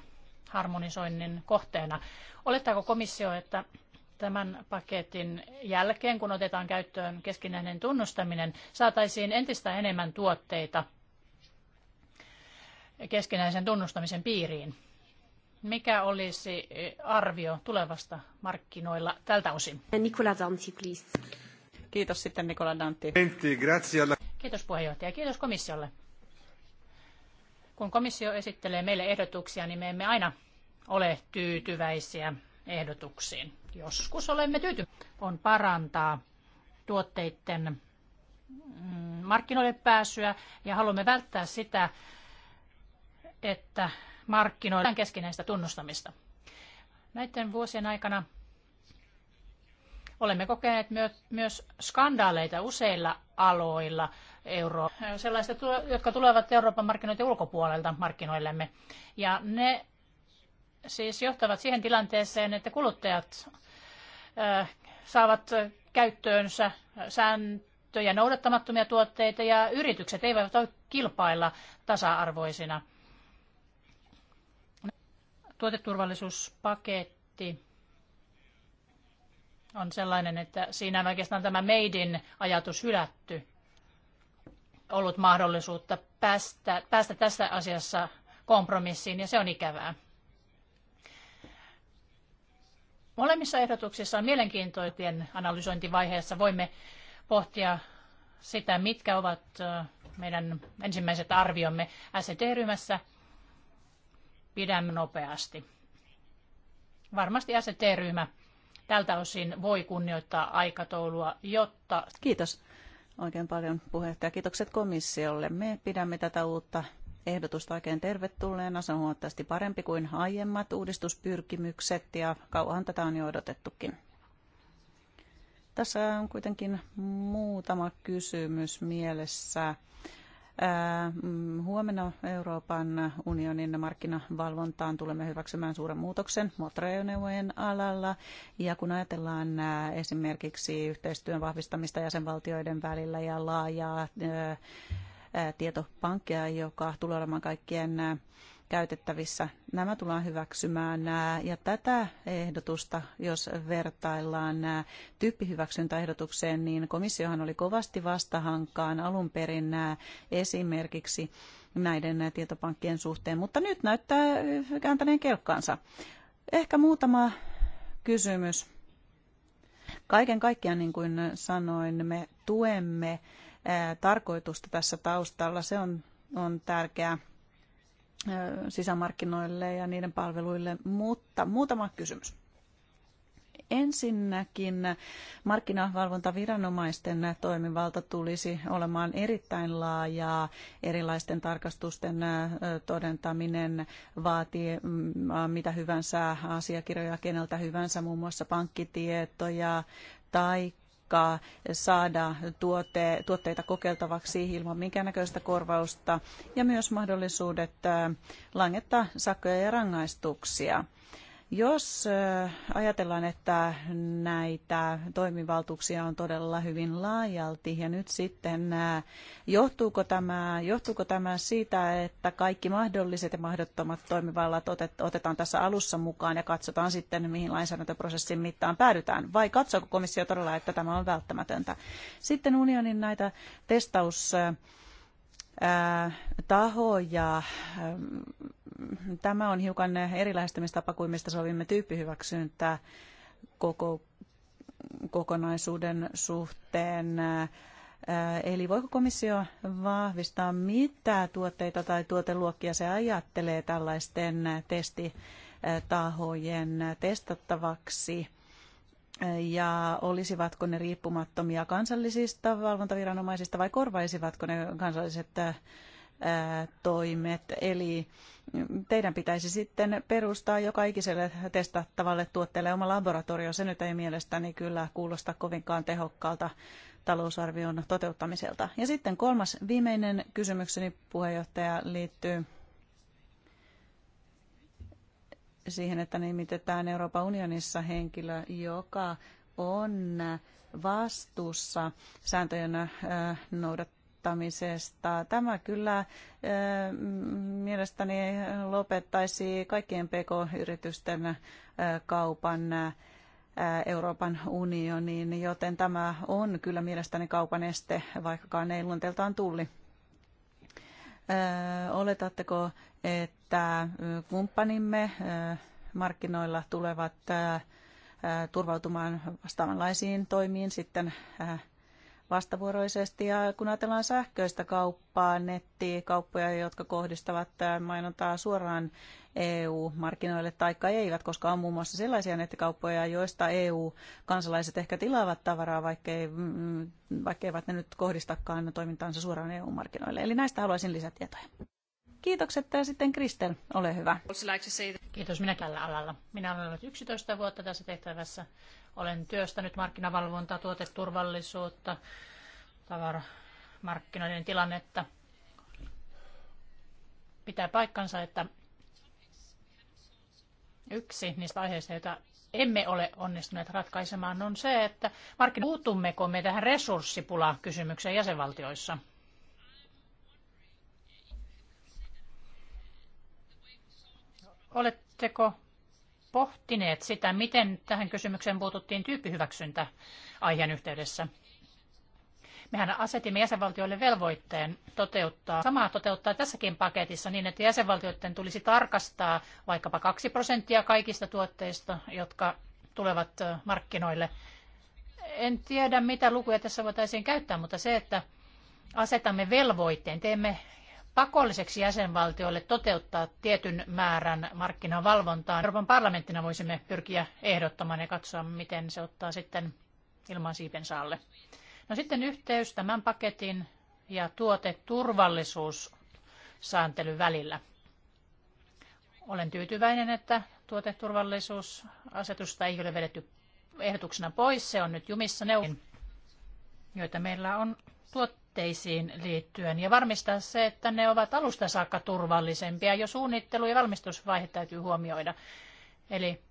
harmonisoinnin kohteena. Olettaako komissio, että tämän paketin jälkeen, kun otetaan käyttöön keskinäinen tunnustaminen, saataisiin entistä enemmän tuotteita keskinäisen tunnustamisen piiriin? Mikä olisi arvio tulevasta markkinoilla tältä osin? Nikola Danti, please. Kiitos sitten Nikola Dantti. Kiitos puheenjohtaja. Kiitos komissiolle kun komissio esittelee meille ehdotuksia, niin me emme aina ole tyytyväisiä ehdotuksiin. Joskus olemme tyytyväisiä. On parantaa tuotteiden mm, markkinoille pääsyä ja haluamme välttää sitä, että markkinoilla on keskinäistä tunnustamista. Näiden vuosien aikana olemme kokeneet myös skandaaleita useilla aloilla – euroa, sellaiset, jotka tulevat Euroopan markkinoiden ulkopuolelta markkinoillemme. Ja ne siis johtavat siihen tilanteeseen, että kuluttajat saavat käyttöönsä sääntöjä noudattamattomia tuotteita ja yritykset eivät voi kilpailla tasa-arvoisina. Tuoteturvallisuuspaketti on sellainen, että siinä on oikeastaan tämä meidin ajatus hylätty ollut mahdollisuutta päästä, päästä tässä asiassa kompromissiin ja se on ikävää. Molemmissa ehdotuksissa on mielenkiintoinen analysointivaiheessa. Voimme pohtia sitä, mitkä ovat meidän ensimmäiset arviomme ST-ryhmässä. Pidämme nopeasti. Varmasti ST-ryhmä tältä osin voi kunnioittaa aikataulua, jotta... Kiitos oikein paljon puheenjohtaja. Kiitokset komissiolle. Me pidämme tätä uutta ehdotusta oikein tervetulleena. Se on huomattavasti parempi kuin aiemmat uudistuspyrkimykset ja kauan tätä on jo odotettukin. Tässä on kuitenkin muutama kysymys mielessä Mm, huomenna Euroopan unionin markkinavalvontaan tulemme hyväksymään suuren muutoksen moottoriajoneuvojen alalla. Ja kun ajatellaan esimerkiksi yhteistyön vahvistamista jäsenvaltioiden välillä ja laajaa tietopankkia, joka tulee olemaan kaikkien käytettävissä. Nämä tullaan hyväksymään ja tätä ehdotusta, jos vertaillaan tyyppihyväksyntäehdotukseen, niin komissiohan oli kovasti vastahankaan alun perin esimerkiksi näiden tietopankkien suhteen, mutta nyt näyttää kääntäneen kelkkaansa. Ehkä muutama kysymys. Kaiken kaikkiaan, niin kuin sanoin, me tuemme tarkoitusta tässä taustalla. Se on, on tärkeää sisämarkkinoille ja niiden palveluille, mutta muutama kysymys. Ensinnäkin markkinavalvontaviranomaisten toimivalta tulisi olemaan erittäin laajaa. Erilaisten tarkastusten todentaminen vaatii mm, mitä hyvänsä asiakirjoja keneltä hyvänsä, muun muassa pankkitietoja tai aikaa saada tuote, tuotteita kokeiltavaksi ilman minkäännäköistä korvausta ja myös mahdollisuudet äh, langettaa sakkoja ja rangaistuksia. Jos ajatellaan, että näitä toimivaltuuksia on todella hyvin laajalti ja nyt sitten johtuuko tämä, johtuuko tämä siitä, että kaikki mahdolliset ja mahdottomat toimivallat otetaan tässä alussa mukaan ja katsotaan sitten, mihin lainsäädäntöprosessin mittaan päädytään, vai katsooko komissio todella, että tämä on välttämätöntä? Sitten unionin näitä testaus tahoja. Tämä on hiukan eri lähestymistapa kuin mistä sovimme tyyppihyväksyntää koko kokonaisuuden suhteen. Eli voiko komissio vahvistaa, mitä tuotteita tai tuoteluokkia se ajattelee tällaisten testitahojen testattavaksi? ja olisivatko ne riippumattomia kansallisista valvontaviranomaisista vai korvaisivatko ne kansalliset äh, toimet. Eli teidän pitäisi sitten perustaa joka ikiselle testattavalle tuotteelle oma laboratorio. Se nyt ei mielestäni kyllä kuulosta kovinkaan tehokkaalta talousarvion toteuttamiselta. Ja sitten kolmas viimeinen kysymykseni puheenjohtaja liittyy siihen, että nimitetään Euroopan unionissa henkilö, joka on vastuussa sääntöjen äh, noudattamisesta. Tämä kyllä äh, mielestäni lopettaisi kaikkien pk-yritysten äh, kaupan Euroopan unioniin, joten tämä on kyllä mielestäni kaupan este, vaikkakaan ei luonteeltaan tulli. Oletatteko että kumppanimme markkinoilla tulevat turvautumaan vastaavanlaisiin toimiin sitten vastavuoroisesti. Ja kun ajatellaan sähköistä kauppaa, nettikauppoja, jotka kohdistavat mainontaa suoraan EU-markkinoille tai eivät, koska on muun muassa sellaisia nettikauppoja, joista EU-kansalaiset ehkä tilaavat tavaraa, vaikkei, mm, mm, vaikka eivät ne nyt kohdistakaan toimintaansa suoraan EU-markkinoille. Eli näistä haluaisin lisätietoja. Kiitokset ja sitten Kristel, ole hyvä. Kiitos minä tällä alalla. Minä olen ollut 11 vuotta tässä tehtävässä. Olen työstänyt markkinavalvontaa, tuoteturvallisuutta, tavaramarkkinoiden tilannetta. Pitää paikkansa, että yksi niistä aiheista, joita emme ole onnistuneet ratkaisemaan, on se, että puutummeko me tähän resurssipula-kysymykseen jäsenvaltioissa – Oletteko pohtineet sitä, miten tähän kysymykseen puututtiin tyyppihyväksyntä aiheen yhteydessä? Mehän asetimme jäsenvaltioille velvoitteen toteuttaa. Samaa toteuttaa tässäkin paketissa niin, että jäsenvaltioiden tulisi tarkastaa vaikkapa 2 prosenttia kaikista tuotteista, jotka tulevat markkinoille. En tiedä, mitä lukuja tässä voitaisiin käyttää, mutta se, että asetamme velvoitteen, teemme pakolliseksi jäsenvaltioille toteuttaa tietyn määrän markkinavalvontaa. Euroopan parlamenttina voisimme pyrkiä ehdottamaan ja katsoa, miten se ottaa sitten ilman siipensä alle. No sitten yhteys tämän paketin ja tuoteturvallisuussääntelyn välillä. Olen tyytyväinen, että tuoteturvallisuusasetusta ei ole vedetty ehdotuksena pois. Se on nyt jumissa neuvon, joita meillä on tuot- lähteisiin liittyen ja varmistaa se, että ne ovat alusta saakka turvallisempia. Jo suunnittelu- ja valmistusvaihe täytyy huomioida. Eli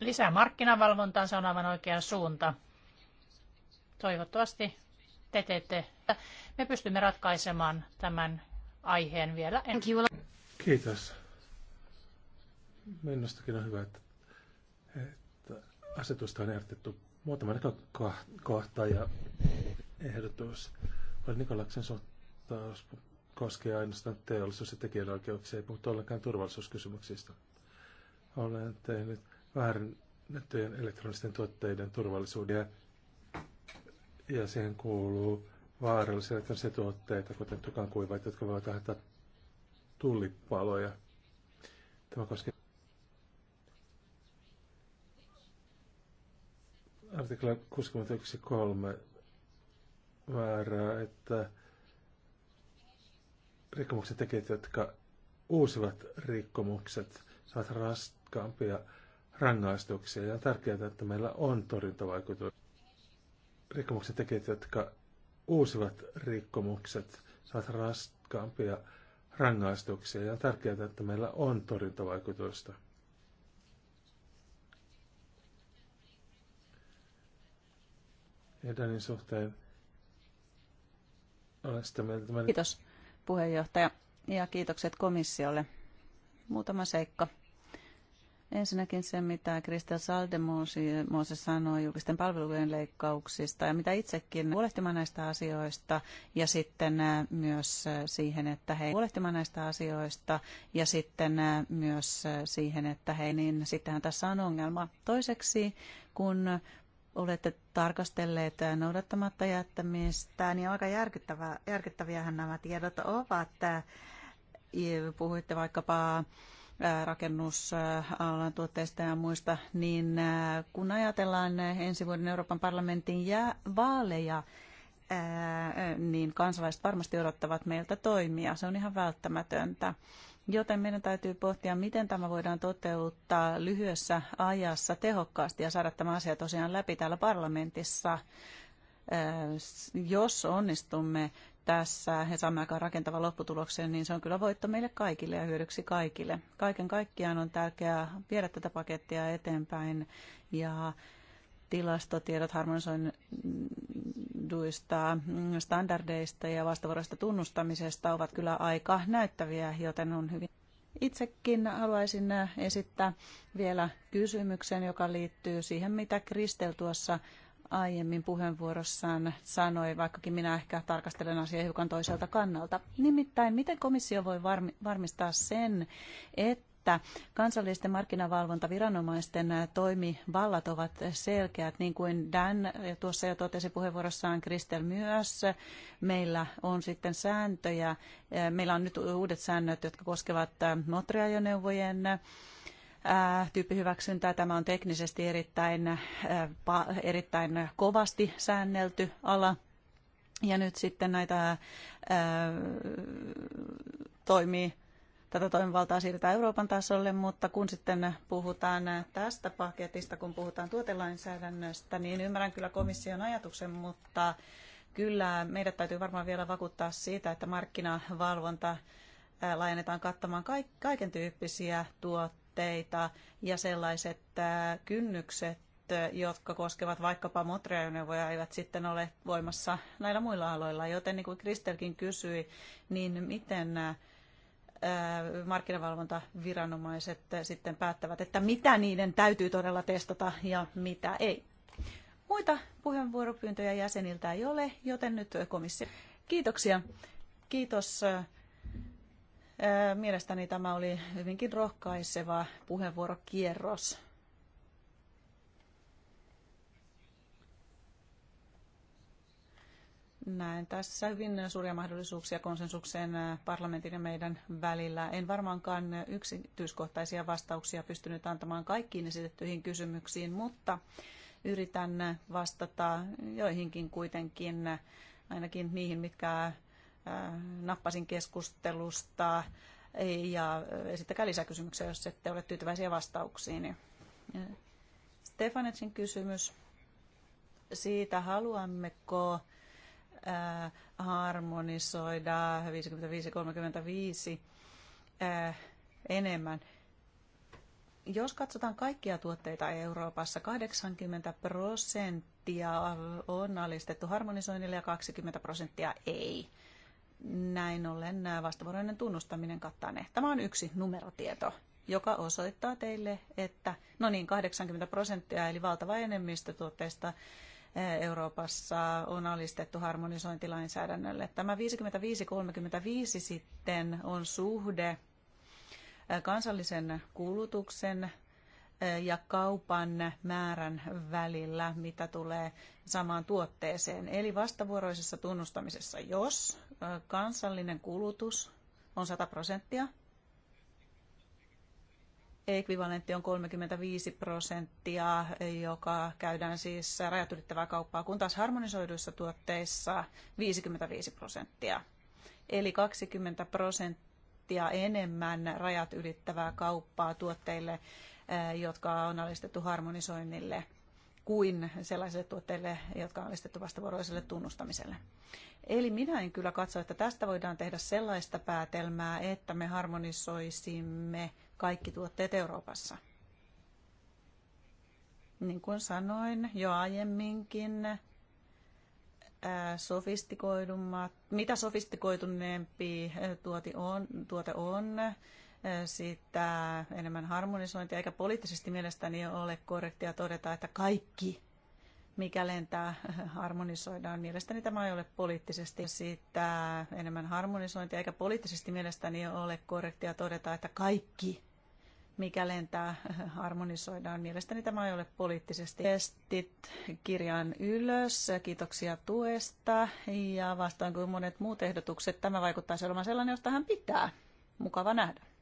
lisää markkinavalvontaa, se on aivan oikea suunta. Toivottavasti te teette. Me pystymme ratkaisemaan tämän aiheen vielä. En... Kiitos. Minustakin on hyvä, että, että asetusta on ehdotettu Muutama kohta ja ehdotus. Nikolaksen sottaus koskee ainoastaan teollisuus- ja tekijänoikeuksia, ei puhuttu ollenkaan turvallisuuskysymyksistä. Olen tehnyt väärennettyjen elektronisten tuotteiden turvallisuuden ja siihen kuuluu vaarallisia elektronisia tuotteita, kuten tukan kuivat, jotka voivat aiheuttaa tullipaloja. Tämä koskee Artikla 61.3 määrää, että rikkomuksen tekijät, jotka uusivat rikkomukset, saavat raskaampia rangaistuksia. Ja on tärkeää, että meillä on torjuntavaikutus. Rikkomuksen tekijät, jotka uusivat rikkomukset, saavat raskaampia rangaistuksia. Ja on tärkeää, että meillä on torjuntavaikutusta. Jordanin suhteen. Olen sitä mieltä. Mä... Kiitos puheenjohtaja ja kiitokset komissiolle. Muutama seikka. Ensinnäkin se, mitä Kristel Saldemose sanoi julkisten palvelujen leikkauksista ja mitä itsekin huolehtimaan näistä asioista ja sitten myös siihen, että hei huolehtimaan näistä asioista ja sitten myös siihen, että hei, niin sittenhän tässä on ongelma. Toiseksi, kun olette tarkastelleet noudattamatta jättämistä, niin aika järkyttävää, järkyttäviähän nämä tiedot ovat. Puhuitte vaikkapa rakennusalan tuotteista ja muista, niin kun ajatellaan ensi vuoden Euroopan parlamentin ja vaaleja, niin kansalaiset varmasti odottavat meiltä toimia. Se on ihan välttämätöntä. Joten meidän täytyy pohtia, miten tämä voidaan toteuttaa lyhyessä ajassa tehokkaasti ja saada tämä asia tosiaan läpi täällä parlamentissa. Äh, jos onnistumme tässä ja saamme aikaan rakentavan lopputuloksen, niin se on kyllä voitto meille kaikille ja hyödyksi kaikille. Kaiken kaikkiaan on tärkeää viedä tätä pakettia eteenpäin ja tilastotiedot harmonisoiduista standardeista ja vastavuoroista tunnustamisesta ovat kyllä aika näyttäviä, joten on hyvin. Itsekin haluaisin esittää vielä kysymyksen, joka liittyy siihen, mitä Kristel tuossa aiemmin puheenvuorossaan sanoi, vaikkakin minä ehkä tarkastelen asiaa hiukan toiselta kannalta. Nimittäin, miten komissio voi varmistaa sen, että että kansallisten markkinavalvontaviranomaisten toimivallat ovat selkeät, niin kuin Dan tuossa jo totesi puheenvuorossaan, Kristel myös. Meillä on sitten sääntöjä. Eh, meillä on nyt uudet säännöt, jotka koskevat eh, moottoriajoneuvojen eh, tyyppihyväksyntää. Tämä on teknisesti erittäin, erittäin kovasti säännelty ala. Ja nyt sitten näitä toimii tätä toimivaltaa siirretään Euroopan tasolle, mutta kun sitten puhutaan tästä paketista, kun puhutaan tuotelainsäädännöstä, niin ymmärrän kyllä komission ajatuksen, mutta kyllä meidät täytyy varmaan vielä vakuuttaa siitä, että markkinavalvonta laajennetaan kattamaan kaiken tyyppisiä tuotteita ja sellaiset kynnykset, jotka koskevat vaikkapa moottoriajoneuvoja, eivät sitten ole voimassa näillä muilla aloilla. Joten niin kuin Kristelkin kysyi, niin miten Äh, markkinavalvontaviranomaiset äh, sitten päättävät, että mitä niiden täytyy todella testata ja mitä ei. Muita puheenvuoropyyntöjä jäseniltä ei ole, joten nyt komissio. Kiitoksia. Kiitos. Äh, mielestäni tämä oli hyvinkin rohkaiseva puheenvuorokierros. Näen tässä hyvin suuria mahdollisuuksia konsensukseen äh, parlamentin ja meidän välillä. En varmaankaan äh, yksityiskohtaisia vastauksia pystynyt antamaan kaikkiin esitettyihin kysymyksiin, mutta yritän äh, vastata joihinkin kuitenkin, ainakin niihin, mitkä nappasin keskustelusta. Ja esittäkää lisäkysymyksiä, jos ette ole tyytyväisiä vastauksiin. Stefanetsin kysymys siitä, haluammeko Äh, harmonisoida 55-35 äh, enemmän. Jos katsotaan kaikkia tuotteita Euroopassa, 80 prosenttia on alistettu harmonisoinnille ja 20 prosenttia ei. Näin ollen äh, vastavuoroinen tunnustaminen kattaa ne. Tämä on yksi numerotieto joka osoittaa teille, että no niin, 80 prosenttia eli valtava enemmistö tuotteista Euroopassa on alistettu harmonisointilainsäädännölle. Tämä 55-35 sitten on suhde kansallisen kulutuksen ja kaupan määrän välillä, mitä tulee samaan tuotteeseen. Eli vastavuoroisessa tunnustamisessa, jos kansallinen kulutus on 100 prosenttia, ekvivalentti on 35 prosenttia, joka käydään siis rajat ylittävää kauppaa, kun taas harmonisoiduissa tuotteissa 55 prosenttia. Eli 20 prosenttia enemmän rajat ylittävää kauppaa tuotteille, eh, jotka on alistettu harmonisoinnille kuin sellaisille tuotteille, jotka on alistettu vastavuoroiselle tunnustamiselle. Eli minä en kyllä katso, että tästä voidaan tehdä sellaista päätelmää, että me harmonisoisimme kaikki tuotteet Euroopassa. Niin kuin sanoin jo aiemminkin, sofistikoidummat, mitä sofistikoituneempi tuote on, tuote on sitä enemmän harmonisointia, eikä poliittisesti mielestäni ole korrektia todeta, että kaikki mikä lentää harmonisoidaan. Mielestäni tämä ei ole poliittisesti siitä enemmän harmonisointia, eikä poliittisesti mielestäni ole korrektia todeta, että kaikki mikä lentää harmonisoidaan. Mielestäni tämä ei ole poliittisesti. Testit kirjaan ylös, kiitoksia tuesta ja vastaan kuin monet muut ehdotukset, tämä vaikuttaa olevan sellainen, josta hän pitää. Mukava nähdä.